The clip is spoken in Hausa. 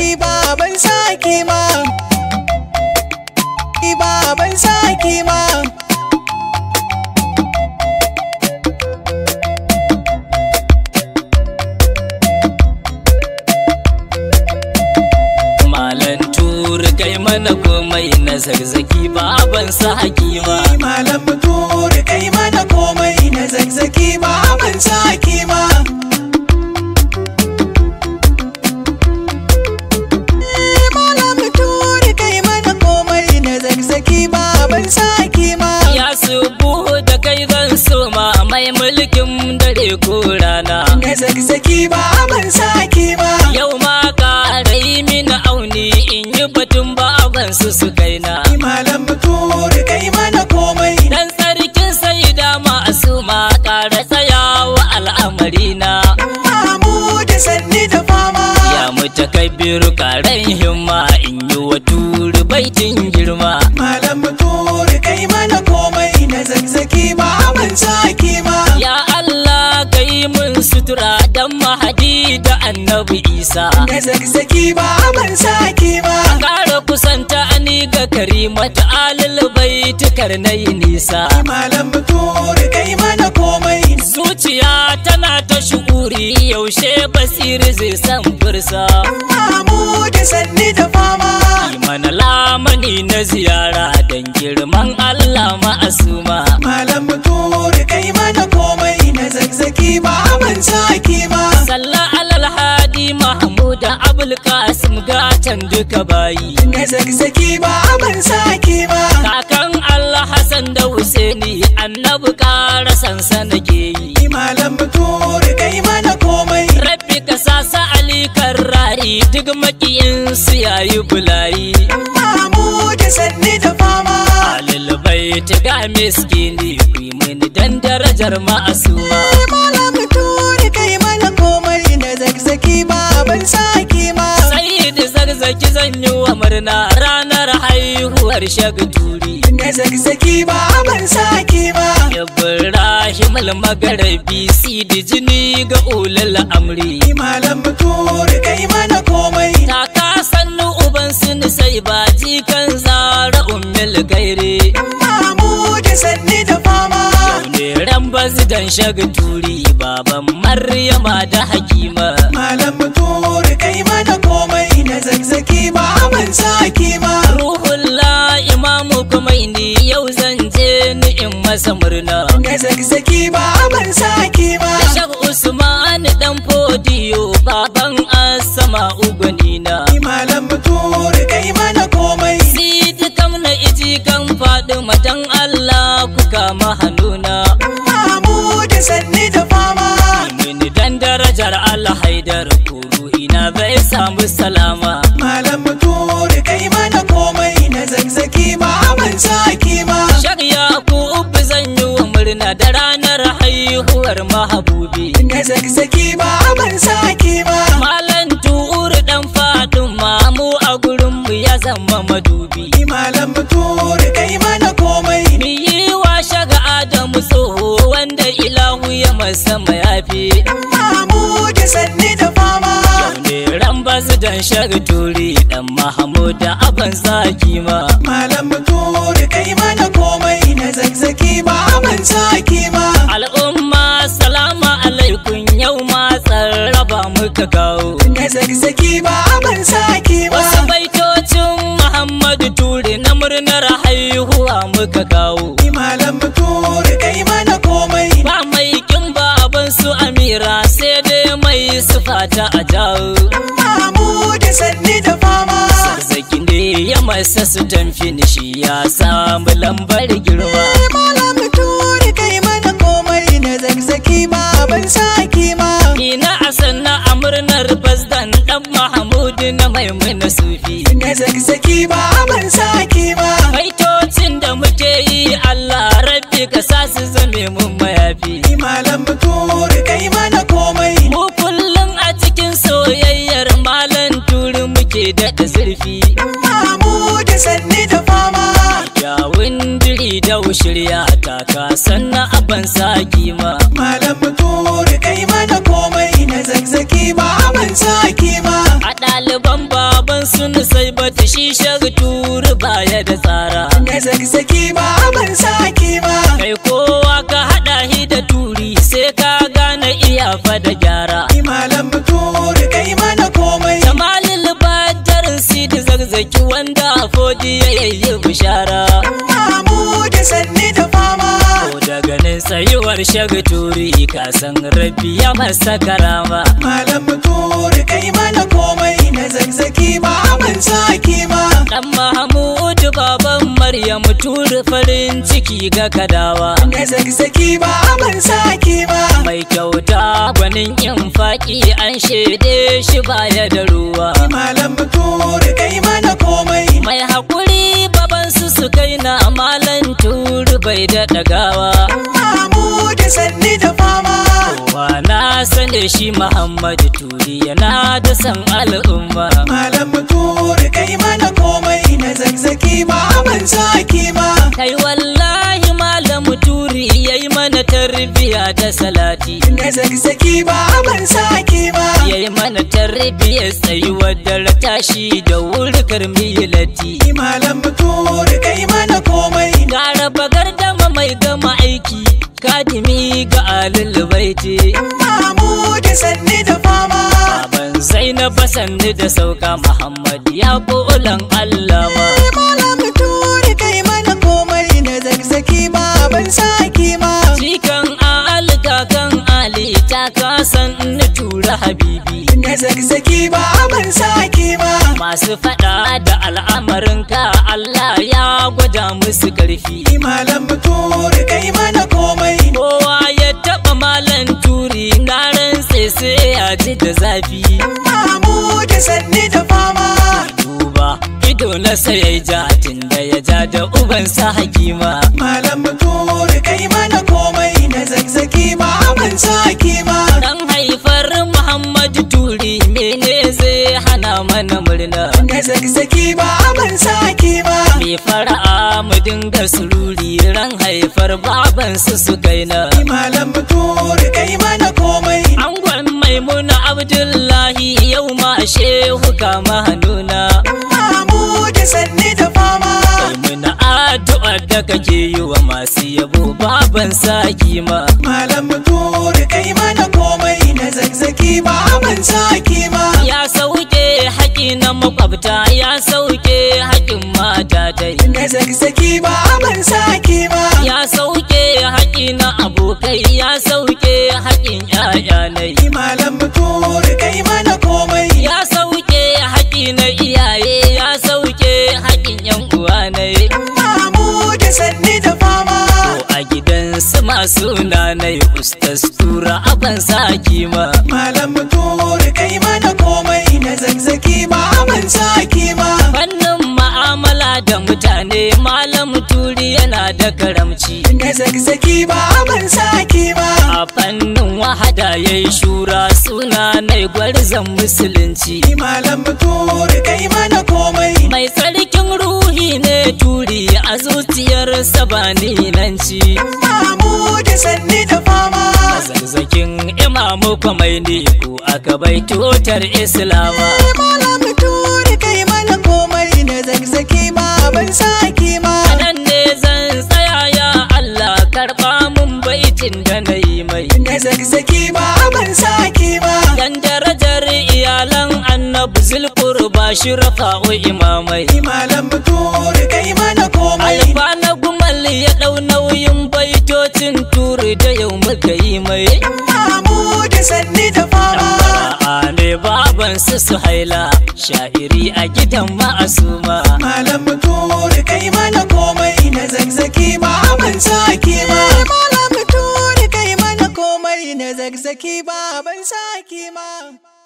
saki ba ban saki ma ba ban saki ma Malan turu kai mana komai na zagzaki ba ban saki ma Malan turu kai mana komai na zagzaki ba ban saki ma bature kai mana komai dan sarkin sai dama asuma ƙara tsayawa al'amari na mu da sanni da fama ya mutu kai biru karen himma in yi wa turi baitin girma malam bature kai mana komai na zazzaki ba ban saki ma ya Allah kai mun sutura dan mahadi da annabi Isa na zazzaki ba ban saki ma kare kusanta ka karimata alil bai tukar na yi nisa malam turi kai mana komai zuciya tana ta shuuri yaushe basiri zai san Amma mu da sanni da fama mana lamani na ziyara don girman allah ma'asuma malam turi kai mana komai na zagzaki ba ki sallah alal hadi da abul kasim gatan duka bayi me zazzaki ba ban saki ba kakan allah hassan da husaini annabi kara sansa ke yi malam turi kai mana komai rabbi ka sasa ali karrari duk makiyin su yayi bulayi amma mu da sanni da fama alil ta ga miskini ku yi mini dan darajar ma'asuma malam ban saki ma Sayyidi zarzaki zan yi wa murna ranar haihuwar shagaduri ne zarzaki ba ban saki ba Ibrahim almagarabi sidi jini ga ulal amri Malam tur kai mana komai Ta ka sannu uban sun sai ba jikan zara ummil gairi. Amma mu da sanni da President Shag Turi baban Maryama da Hakima. Malam Turi kai mana komai na zazzaki ba aman kima. Ruhullah imamu kuma ni yau je ni in masa murna. Na zazzaki ba aman kima. Shag Usman dan Fodiyo baban Asama Ugonina. Malam Turi kai mana komai. Sidi kam na iji kan faɗi matan Allah kuka mahanuna. kai sanni da fama mini dan darajar Allah haidar kuru ina bai samu salama malam turi kai mana komai na zagzaki ba aman saki ma shariya ku ubu zan yi wa murna da ranar haihuwar mahabubi na zagzaki ba aman saki sanni da fama ran ba su dan shari turi dan mahamuda aban zaki ma malam turi kai mana komai na zazzaki ba aban zaki ma al'umma salama alaikun yau ma tsaraba muka gawo na zazzaki ba aban zaki ma wasu baitocin muhammadu turi na murnar haihuwa muka gawo malam turi fata a jawo mamu da sanni da fama sarsakin da ya masa su finishi ya samu lambar girma eh, malam turi kai mana komai na zazzaki ma ban saki ma ina a sanna a murnar bazdan ɗan mahamudu na maimuna sufi na zazzaki ma ban saki ce da zurfi Mamu da sanni da fama ya diri da shirya taka sannan abin saki ma. Malam turu kai mana komai na zagzaki ba abin saki ma A ɗaliban baban sun sai bata shi turu baya da tsara Na zagzaki ba abin saki ma Kai kowa ka haɗa hi da turi sai ka gane iya fa da gyara Malam turu saki wanda fodi ya yi bishara. Amma da sanni da sayuwar shagu turi ka san rabi ya masa karama malam turi kai mana komai na zagzaki ba saki ma. dan mahamudu baban maryam turi farin ciki ga kadawa na zagzaki ba saki ma. mai kyauta gwanin yin faƙi an shede shi baya da ruwa malam turi kai mana komai mai hakuri kai na malan turu bai da dagawa mamu da sanni da fama kowa na sane shi muhammad turi yana da san al'umma malam turi kai mana komai na zazzaki ma aman saki ma kai wallahi malam turi yayi mana tarbiya da salati na zazzaki ma aman kai mana tarbiyyar sai wadar tashi da wuri karmi lati malam turi kai mana komai ga raba gardama mai gama aiki kadimi ga alul baiti mu da sanni da fama baban Zainab sanni da sauka muhammad ya bulan allama malam turi kai mana komai da zagzaki ban saki ma cikan al kakan ali ta kasan na tura habibi na zagzagi ba ban saki ba masu fada da al'amarin ka Allah ya gwada musu karfi malam turi kai mana komai kowa ya taba malam turi na rantse sai ya ji da zafi amma mu da sanni da fama ba ido na sai ja tun da ya ja da ubansa hakima malam turi kai mana komai na zazzaki ba sa hakima dan haifar muhammadu turi mene zai hana mana murna na zakzaki ba sa hakima mi fara mu dinga sururi ran haifar baban su su gaina malam turi kai mana komai an maimuna abdullahi yau ma shehu kama hannuna sanni da fama muna addu'a da kake yi wa masu yabo baban saki ma. malam turi kai mana komai na zazzaki baban saki ma. ya sauke haƙi na makwabta ya sauke haƙin mata dai na zazzaki baban saki ma. ya sauke haƙi na abokai ya sauke haƙin ƴaƴa nai da karamci da zakzaki ba ban saki ba a fannin wahada ya yi shura suna nai gwarzan musulunci Ni malam turi kai mana komai mai tsarkin ruhi ne turi a zuciyar sabani nan ci imamu da sanni da fama zakzakin imamu mai ne ku aka bai tutar islama malam turi kai mana komai da zakzaki ba ban saki ba. zan tsaya ya Allah karɓa mun baitin da na yi mai da zazzaki ba ban saki ba Yan darajar iyalan annabi zulkur ba shi rafa'u imamai imalan tur kai mana komai alfa na gumal ya ɗau nauyin baitocin turi da yau muka yi mai amma da sanni da fama ne baban su su haila. sha'iri a gidan ma'asuma malam tur kai mana komai saki ba malam turi kai mana komai na zagzaki ba ban saki ma